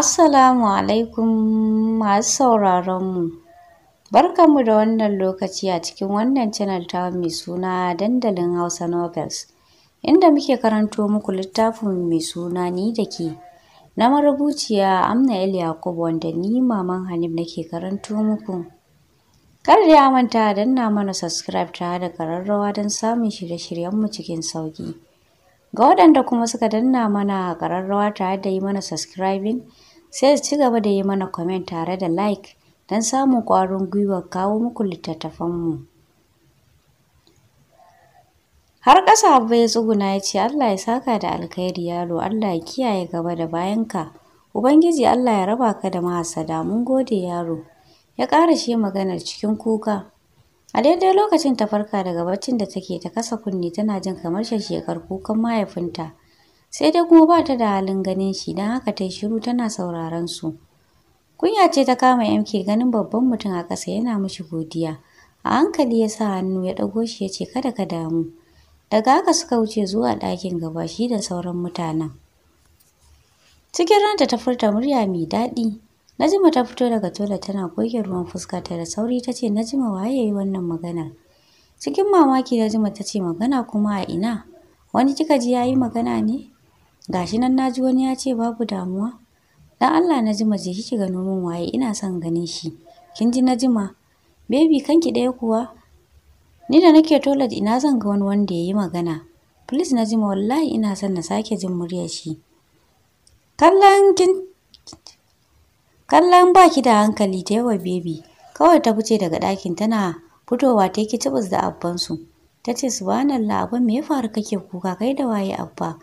Assalamu alaikum masu sauraronmu. Barkanmu da wannan lokaci a cikin wannan channel ta mai suna dandalin Hausa Novels, inda muke karanto muku littafin mai suna ni da ke na marubuciya Amna El Yakub wanda ni maman Hanif nake karanto muku. Kar da ya manta danna mana subscribe ta da kararrawa don samun shirye-shiryenmu cikin sauki. Ga waɗanda kuma suka danna mana ƙararrawa tare da yi mana subscribing, sai su ci gaba da yi mana comment tare da like don samun ƙwarin gwiwa kawo muku littattafanmu. Har ƙasa abu ya tsuguna ya ce Allah ya saka da alkhairi yaro Allah ya kiyaye gaba da bayan ka, Ubangiji Allah ya raba ka da mahasada mun gode yaro. Ya ƙara shi maganar cikin kuka. A daidai lokacin ta farka daga baccin da take ta kasa kunne tana jin kamar shekar kukan mahaifinta. Sai dai kuma ba ta da halin ganin shi don haka ta yi shiru tana sauraron su. Kunya ce ta kama MK ganin babban mutum a ƙasa yana mishi godiya. A hankali ya sa hannu ya ɗago shi ya ce kada ka damu. Daga haka suka wuce zuwa ɗakin gaba shi da sauran mutanen. Cikin ranta ta furta murya mai daɗi. Najima ta fito daga tola tana goge ruwan fuska ta da sauri ta ce Najima waye yayi wannan magana. Cikin mamaki Najima ta ce magana kuma a ina? Wani kika ji yayi magana ne? Gashi nan naji wani ya ce babu damuwa. Dan Allah Najima je kiki ga nomin waye ina son ganin shi. Kin ji Najima? Baby kanki ɗaya kuwa? Ni da nake tola ina zan ga wani wanda yayi magana. Please Najima wallahi ina son na sake jin muryar shi. Kallon kin kallon baki da hankali ta yawa bebi kawai ta fice daga ɗakin tana fitowa ta yi cibis da abbansu ta ce subhanallah abin me ya faru kake kuka kai da waye abba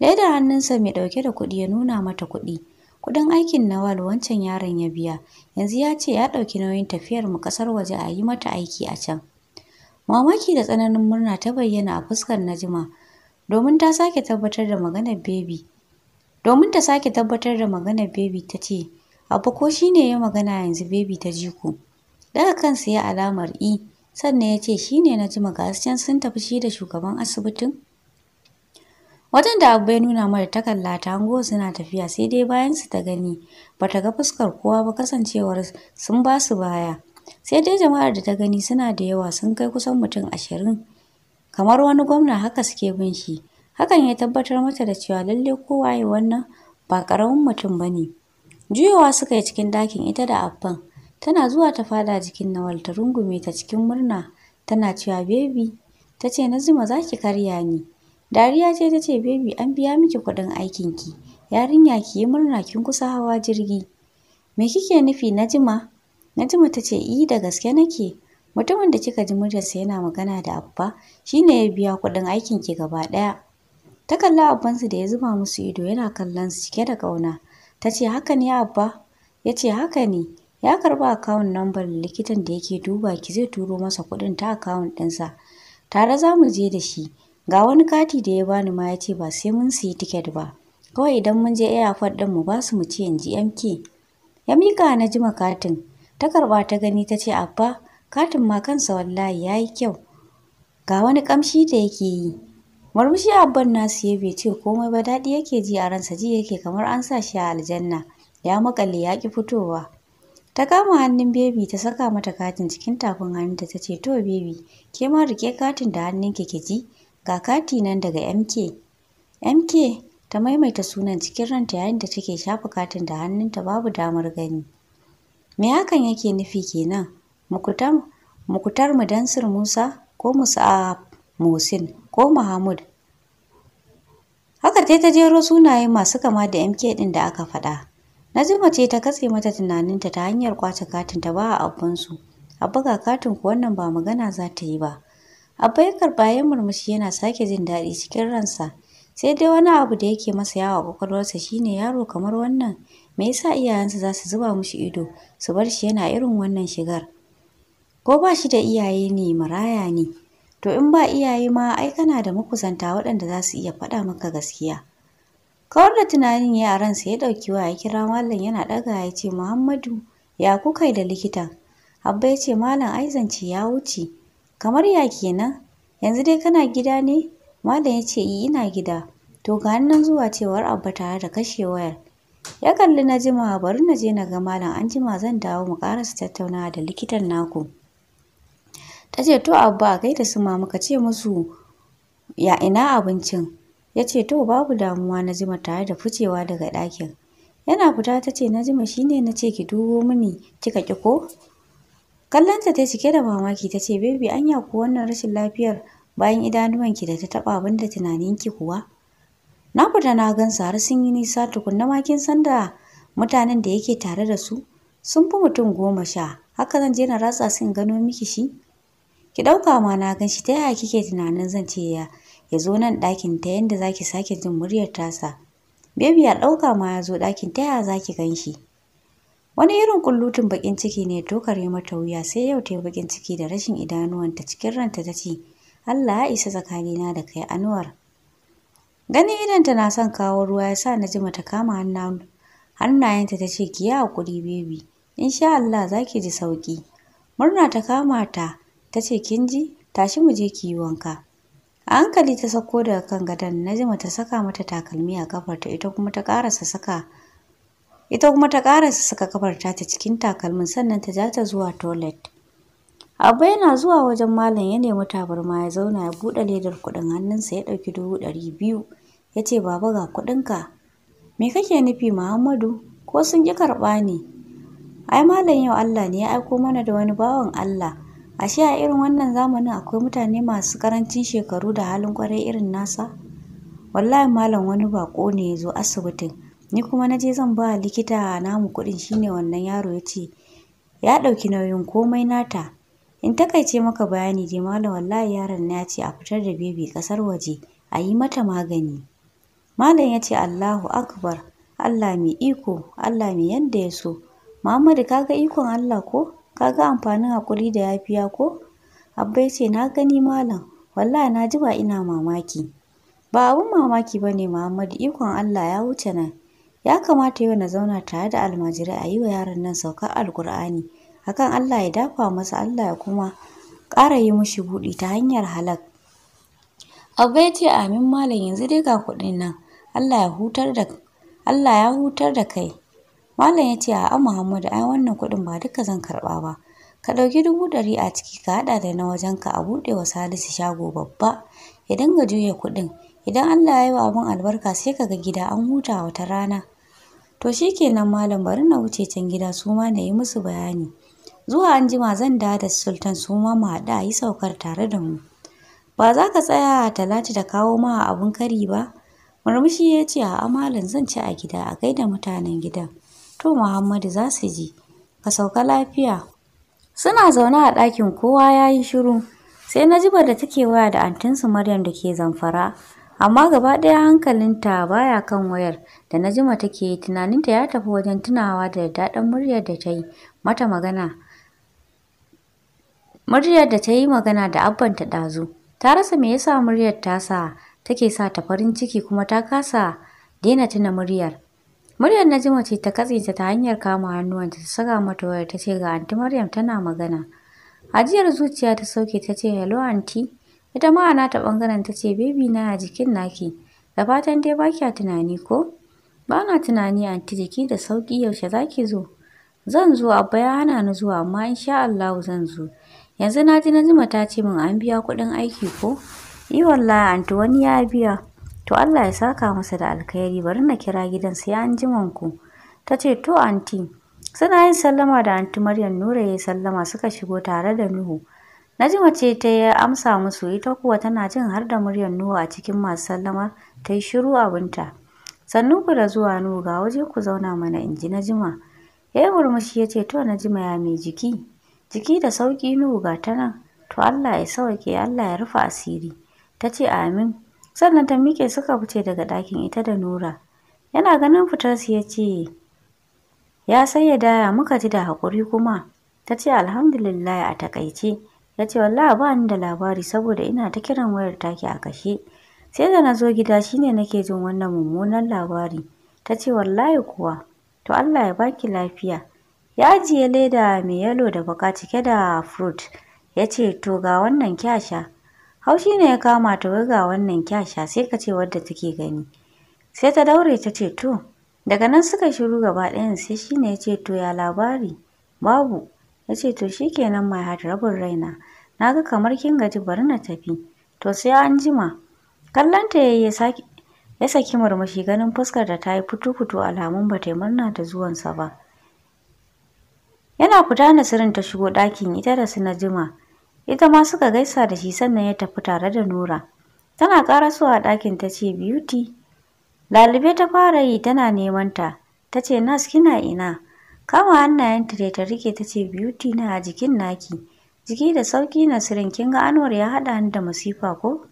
ledar hannunsa mai ɗauke da kuɗi ya nuna mata kuɗi kuɗin aikin nawal wancan yaron ya biya yanzu ya ce ya ɗauki nauyin tafiyar mu ƙasar waje a yi mata aiki a can mamaki da tsananin murna ta bayyana a fuskar najima domin ta sake tabbatar da maganar bebi domin ta sake tabbatar da maganar bebi ta ce Abu ko shine ya magana yanzu baby ta ku Daga kansa ya alamar i e, sannan ya ce shi na jima magasiyan sun tafi shi da shugaban asibitin. Wajen da abu ya nuna mara ta kalla ta hango suna tafiya sai dai bayan su ta gani ba ta ga fuskar kowa ba kasancewar sun ba su baya. Sai dai jama'ar da ta gani suna da yawa sun kai kusan mutum ashirin. Kamar wani gwamna haka suke bin shi. Hakan ya tabbatar mata da cewa lalle kowa ya wannan ba ƙaramin mutum ba ne. Juyowa suka yi cikin dakin ita da Affan. Tana zuwa ta fada jikin Nawal ta rungume ta cikin murna tana cewa baby ta ce zuma za ki karya ni. Dariya ce ta ce baby an biya miki kuɗin aikinki. Yarinya ki yi murna kin kusa hawa jirgi. Me kike nufi na Najima? Najima ta ce i eh, da gaske nake. Mutumin da kika ji muryarsa yana magana da Abba shine ya biya kuɗin aikinki gaba ɗaya. Ta kalla abbansu da ya zuba musu ido yana kallon su cike da ƙauna. ta ce haka ne abba ya ce haka ne ya karba akawun nambar likitan da yake duba ki zai turo masa kuɗin ta akawun ɗinsa tare za mu je da shi ga wani kati da ya bani ma ya ce ba sai mun siyi tiket ba kawai idan mun je airport ɗin mu ba su mu ce in ji mk ya mika na jima katin ta karba ta gani ta ce abba katin ma kansa wallahi ya yi kyau ga wani kamshi da yake yi Murmushi abban nasu ya bai ce komai ba daɗi yake ji a ransa ji yake kamar an sa shi a aljanna ya maƙale ya ki fitowa. Ta kama hannun bebi ta saka mata katin cikin tafin hannunta ta ce to bebi ke ma rike katin da hannunki ke ji ga kati nan daga MK. MK ta maimaita sunan cikin ranta yayin da take shafa katin da hannunta babu damar gani. Me hakan yake nufi kenan? Mukutar Mudansir Musa ko Musa'ab Musin ko Mahmud. Haka dai ta jero sunaye masu kama da MK ɗin da aka faɗa. Najima ce ta katse mata tunaninta ta hanyar kwace katin ta ba a abbansu. Abba ga katin ku wannan ba magana za ta yi ba. Abba ya karɓa ya murmushi yana sake jin daɗi cikin ransa. Sai dai wani abu da yake masa yawa kwakwalwarsa shine yaro kamar wannan me yasa iyayensa za su zuba mushi ido su bar shi yana irin wannan shigar. Ko ba shi da iyaye ne maraya ne. To in ba iyaye ma ai kana da makusanta waɗanda za su iya faɗa maka gaskiya. Kawar da tunanin yaran sa ya ɗauki waya ya kira mallam yana ɗaga ya ce Muhammadu ya kuka da likitan. Abba ya ce malam ai ya wuce. Kamar ya kenan? Yanzu dai kana gida ne? Malam ya ce eh, ina gida. To ga nan zuwa cewar Abba tare da kashe wayar. Ya kalli na jima bari na je na ga malam an jima zan dawo mu karasa tattaunawa da likitan naku. ta ce to abba kai da su mama ce musu ya ina abincin ya ce to babu damuwa na jima tare da ficewa daga ɗakin yana fita ta ce na jima shi ne na ce ki dubo mini kika ki ko kallonta ta cike da mamaki ta ce an anya ku wannan rashin lafiyar bayan idanuwanki da ta taɓa abin da ki kuwa na fita na gansa har sun yi nisa tukunna ma kin san da mutanen da yake tare da su sun fi mutum goma sha haka zan je na ratsa sun gano miki shi ki ɗauka ma na gan shi ta yaya kike tunanin zan ce ya ya zo nan ɗakin ta yadda za ki sake jin muryar tasa bebi ya ɗauka ma ya zo ɗakin ta yaya za ki gan shi wani irin kullutun bakin ciki ne tokare mata wuya sai yau ta bakin ciki da rashin idanuwanta cikin ranta ta ce Allah ya isa tsakanina da kai Anwar ganin idanta na son kawo ruwa ya sa na ji mata kama hannayenta ta ce ki yi hakuri bebi insha Allah za ki ji sauki murna ta kama ta ta ce kin ji tashi mu je ki yi wanka a hankali ta sako daga kan gadon na ji ta saka mata takalmi a kafarta ita kuma ta karasa saka ita kuma ta karasa saka kafarta ta cikin takalmin sannan ta ja ta zuwa toilet Abba yana zuwa wajen malam ya nemi tabarma ya zauna ya buɗe ledar kuɗin hannunsa ya ɗauki dubu ɗari biyu ya ce baba ga kuɗinka me kake nufi muhammadu ko sun ƙi karɓa ne ai malam yau allah ne ya aiko mana da wani bawan allah ashe a irin wannan zamanin akwai mutane masu karancin shekaru da halin kwarai irin nasa wallahi malam wani bako ne ya zo asibitin ni kuma na je zan ba likita namu kuɗin shine wannan yaro ya ce ya ɗauki nauyin komai nata in takaice maka bayani dai malam wallahi yaron na ce a fitar da bebi ƙasar waje a yi mata magani malam ya ce allahu akbar allah mai iko allah mai yadda ya so muhammadu kaga ikon allah ko Ka ga amfanin haƙuri da yafiya ko? Abba ya ce na gani malam, wallahi na ji ba ina mamaki. Ba abun mamaki bane ne Muhammadu ikon Allah ya wuce nan. Ya kamata yau na zauna tare da almajirai a yi wa yaron nan saukar alkur'ani. Akan Allah ya dafa masa Allah ya kuma ƙara yi mushi buɗi ta hanyar halak. Abba ya ce amin malam yanzu dai ga kuɗin nan. Allah ya hutar da Allah ya hutar da kai. Malam ya ce a'a Muhammadu ai wannan kuɗin ba duka zan karɓa ba. Ka ɗauki dubu ɗari a ciki ka haɗa da na wajenka a buɗe wa Salisu shago babba. Ya dinga juya kuɗin. Idan Allah ya yi wa abin albarka sai ka ga gida an huta wata rana. To shi kenan malam bari na wuce can gida su ma na yi musu bayani. Zuwa anjima zan dawo da Sultan su ma mu haɗu a yi saukar tare da mu. Ba za ka tsaya a Talatu da kawo ma abin kari ba? Murmushi ya ce a'a malam zan ci a gida a gaida mutanen gidan. To Muhammadu za su ji, ka sauka lafiya. Suna zaune a ɗakin kowa ya yi shiru, sai na jibar da take waya da antinsu Maryam da ke zamfara. Amma gaba ɗaya hankalinta baya kan wayar da na jima take tunaninta ya tafi wajen tunawa da daɗin muryar da ta yi mata magana. Muryar da ta yi magana da abbanta ɗazu, ta rasa me yasa muryar tasa take sa ta farin ciki kuma ta kasa daina tuna muryar. Muryar Najma ce ta katse ta hanyar kama hannuwanta ta saka mata wayar ta ce ga Anti Maryam tana magana. Ajiyar zuciya ta sauke ta ce hello Anti. Ita ma ana ta bangaren ta ce baby na a jikin naki. Da fatan dai ba tunani ko? Ba na tunani Anti jiki da sauki yaushe zaki zo. Zan zo abba ya hana ni zuwa amma insha Allahu zan zo. Yanzu na ji Najma ta ce min an biya kuɗin aiki ko? Yi eh, wallahi Anti wani ya biya. to Allah ya saka masa da alkhairi bari na kira gidan sai an ji ku ta ce to anti suna yin sallama da anti Maryam Nura ya sallama suka shigo tare da Nuhu Najima ce ta ya amsa musu ita kuwa tana jin har da maryam Nuhu a cikin masu sallama ta yi shiru abinta sannu ku da zuwa Nuhu ga waje ku zauna mana in ji Najima ya yi murmushi ya ce to Najima ya mai jiki jiki da sauki Nuhu ga ta nan to Allah ya sauke Allah ya rufe asiri ta ce amin sannan ta miƙe suka fice daga ɗakin ita da nura yana ganin fitarsu ya ce ya daya muka ji da haƙuri kuma ta ce alhamdulillah a takaice ya ce wallahi ba ni da labari saboda ina ta kiran wayar taki a kashe sai da na zo gida shine nake jin wannan mummunan labari ta ce wallahi kuwa to Allah ya baki lafiya ya ajiye leda mai yalo da baka cike da fruit ya ce to ga wannan kyasha Haushi ne ya kama ta buga wannan kyasha sai ka ce wadda take gani. Sai ta daure ta ce to, daga nan suka shiru gaba ɗayan sai shi ne ya ce to ya labari, babu, ya ce to shi kenan mai hat rabin raina, na ga kamar kin gaji bari na tafi, to sai an jima. Kallonta ya yi ya saki murmushi ganin fuskar da ta yi fito-fito alamun ba ta murna da zuwansa ba. Yana fita Nasirin ta shigo ɗakin ita da jima. ita ma suka gaisa da shi sannan ya tafi tare da Nura tana a ɗakin ta ce beauty lalibe ta fara yi tana neman ta ta ce nas kina ina kama hannayenta da ta rike ta ce beauty na a jikin naki jiki da sauki na sirin kin ga anwar ya haɗa ni da masifa ko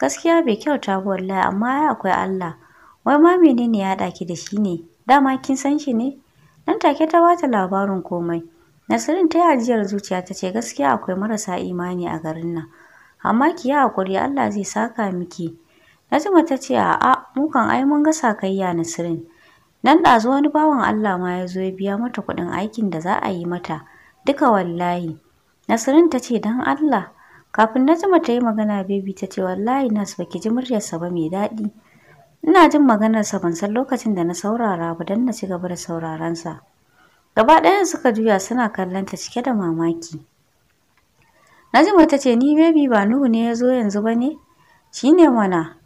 gaskiya bai kyau kyauta wallahi amma ya akwai allah wai ma menene ya haɗa da shi ne dama kin san shi ne nan take ta bata labarin komai Nasirin ta yi ajiyar zuciya ta ce gaskiya akwai marasa imani a garin nan. Amma ki yi hakuri Allah zai saka miki. Najma ta ce a'a mu kan ai mun ga sakayya Nasirin. Nan ɗazu wani bawan Allah ma ya zo ya biya mata kuɗin aikin da za a yi mata. Duka wallahi. Nasirin ta ce don Allah. Kafin Najma ta yi magana Bebi ta ce wallahi Nas baki ji muryarsa ba mai daɗi. Ina jin maganarsa ban san lokacin da na saurara ba don na ci gaba da sauraronsa. Gaba ɗayan suka juya suna kallon ta cike da mamaki. najima ta ce ni baby ba Nuhu ne ya zo yanzu ba ne? Shi ne mana.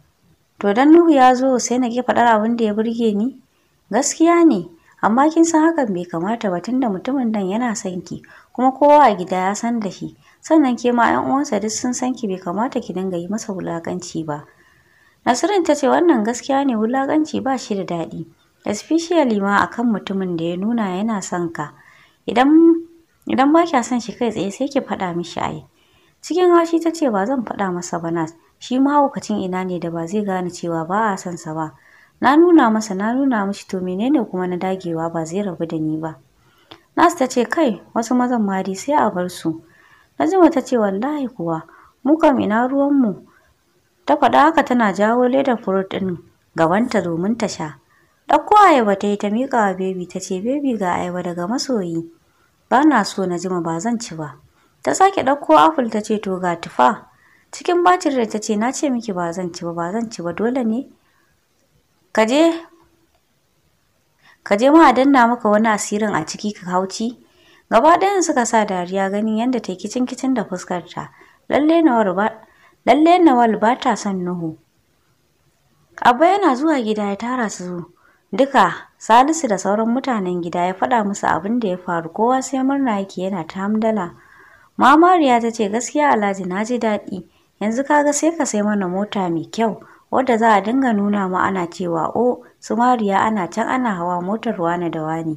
To don Nuhu ya zo sai na ke faɗar abin da ya burge ni? Gaskiya ne, amma kin san hakan bai kamata ba tunda mutumin nan yana son ki kuma kowa a gida ya san da shi. Sannan ke ma 'yan uwansa duk sun san ki bai kamata ki dinga yi masa wulakanci ba. Nasirin ta ce wannan gaskiya ne wulakanci ba shi da daɗi. especially ma akan mutumin da ya nuna yana son ka idan idan ba kya son shi kai tsaye sai ki faɗa mishi yi cikin haushi ta ce ba zan faɗa masa ba na shi mahaukacin ina ne da ba zai gane cewa ba a son sa ba na nuna masa na nuna mishi to menene kuma na dagewa ba zai rabu da ni ba nasu ta ce kai wasu mazan mari sai a bar su Najima ta ce wallahi kuwa mu kam ina ruwanmu ta faɗa haka tana jawo ledar furut ɗin gabanta domin ta sha Ɗauko ayaba ta yi ta miƙa wa bebi ta ce bebi ga ayaba daga masoyi. Ba na so na jima ba zan ci ba. Ta sake ɗauko apple ta ce to ga tufa. Cikin bacin rai ta ce na ce miki ba zan ci ba ba zan ci ba dole ne. Ka je ka je ma a danna maka wani asirin a ciki ka hauci. Gaba ɗayan suka sa dariya ganin yadda ta kicin kicin da fuskarta. Lalle Nawal ba lalle Nawal ba ta son Nuhu. Abba yana zuwa gida ya tara su duka salisu da sauran mutanen gida ya faɗa musu abin da ya faru kowa sai murna yake yana ta hamdala mamariya ta ce gaskiya alhaji na ji daɗi yanzu kaga sai ka sai mana mota mai kyau wadda za a dinga nuna mu ana cewa o su mariya ana can ana hawa motar wane da wane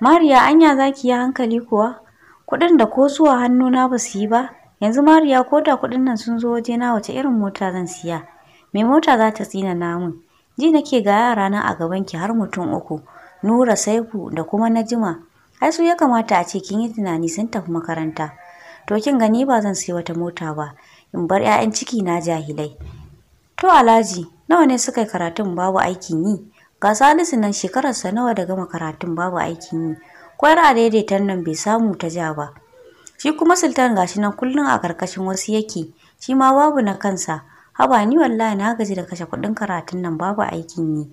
mariya anya za ki yi hankali kuwa kuɗin da ko zuwa hannuna ba su yi ba yanzu mariya ko da kuɗin nan sun zo wajena wace irin mota zan siya me mota za ta tsina namun Ji nake ga yara na a gaban ki har mutum uku, Nura Saifu da kuma Najima. Ai su ya kamata a ce kin yi tunani sun tafi makaranta. To kin gani ba zan sai wata mota ba, in bar 'ya'yan ciki na jahilai. To Alhaji, nawa ne suka yi karatun babu aikin yi? Ga Salisu nan shekararsa nawa da gama karatun babu aikin yi. ko a daidaitar nan bai samu ta ja ba. Shi kuma Sultan gashi nan kullum a karkashin wasu yake, shi ma babu na kansa. haba ni wallahi na gaji da kashe kuɗin karatun nan babu aikin yi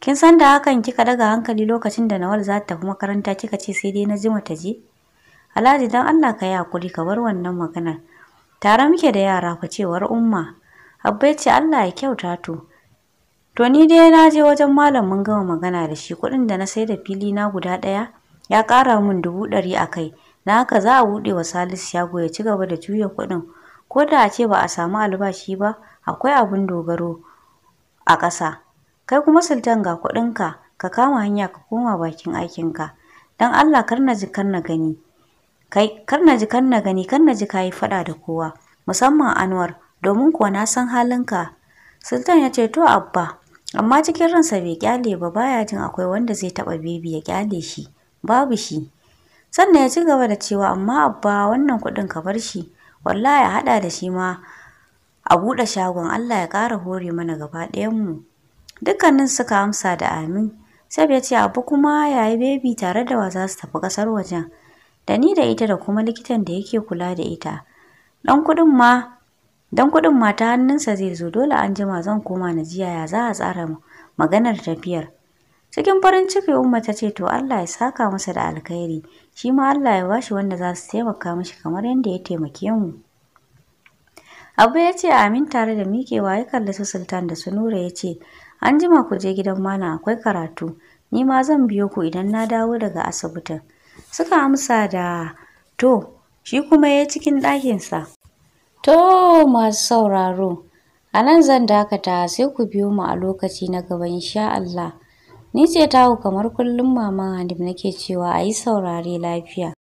kin san da hakan kika daga hankali lokacin da Nawal za ta makaranta kika ce sai dai na jima ta je Alhaji dan Allah ka yi hakuri ka bar wannan maganar tare muke da yara fa cewar umma abba ce Allah ya kyauta to to ni dai na je wajen malam mun gama magana da shi kuɗin da na sai da fili na guda ɗaya ya ƙara min dubu ɗari a kai na haka za a buɗe wa Salisu shago ya ci gaba da juya kuɗin ko da a ce ba a samu albashi ba akwai abin dogaro a ƙasa kai kuma sultan ga kuɗinka ka kama hanya ka koma bakin aikinka don allah kar na ji kar na gani kai kar na ji kar na gani kar na ji yi faɗa da kowa musamman anwar domin kuwa na san halinka sultan ya ce to abba amma cikin ransa bai kyale ba baya jin akwai wanda zai taɓa bibi ya kyale shi babu shi sannan ya ci gaba da cewa amma abba wannan kuɗin ka bar shi wallahi ya haɗa da shi ma a buɗe shagon Allah ya ƙara hore mana gaba mu. dukkanin suka amsa da amin sai ya ce abu kuma yayi bebi tare da wa za su tafi ƙasar wajen da ni da ita da kuma likitan da yake kula da ita dan kuɗin ma dan kuɗin ma ta hannunsa zai zo dole an jima zan koma na jiya ya za a tsara maganar tafiyar cikin farin ciki umma ta ce to Allah ya saka masa da alkhairi shi ma Allah ya bashi wanda za su taimaka mashi kamar yadda ya taimake mu. Abu ya ce amin tare da wa ya kalli su Sultan da su Nura ya ce, An jima ku je gidan mana akwai karatu, ni ma zan biyo ku idan na dawo daga asibitin. Suka amsa da to, shi kuma ya cikin ɗakinsa. To masu sauraro, a nan zan dakata sai ku biyo mu a lokaci na gaba insha Allah. Ni ce taku kamar kullum Maman Halim nake cewa a yi saurare lafiya.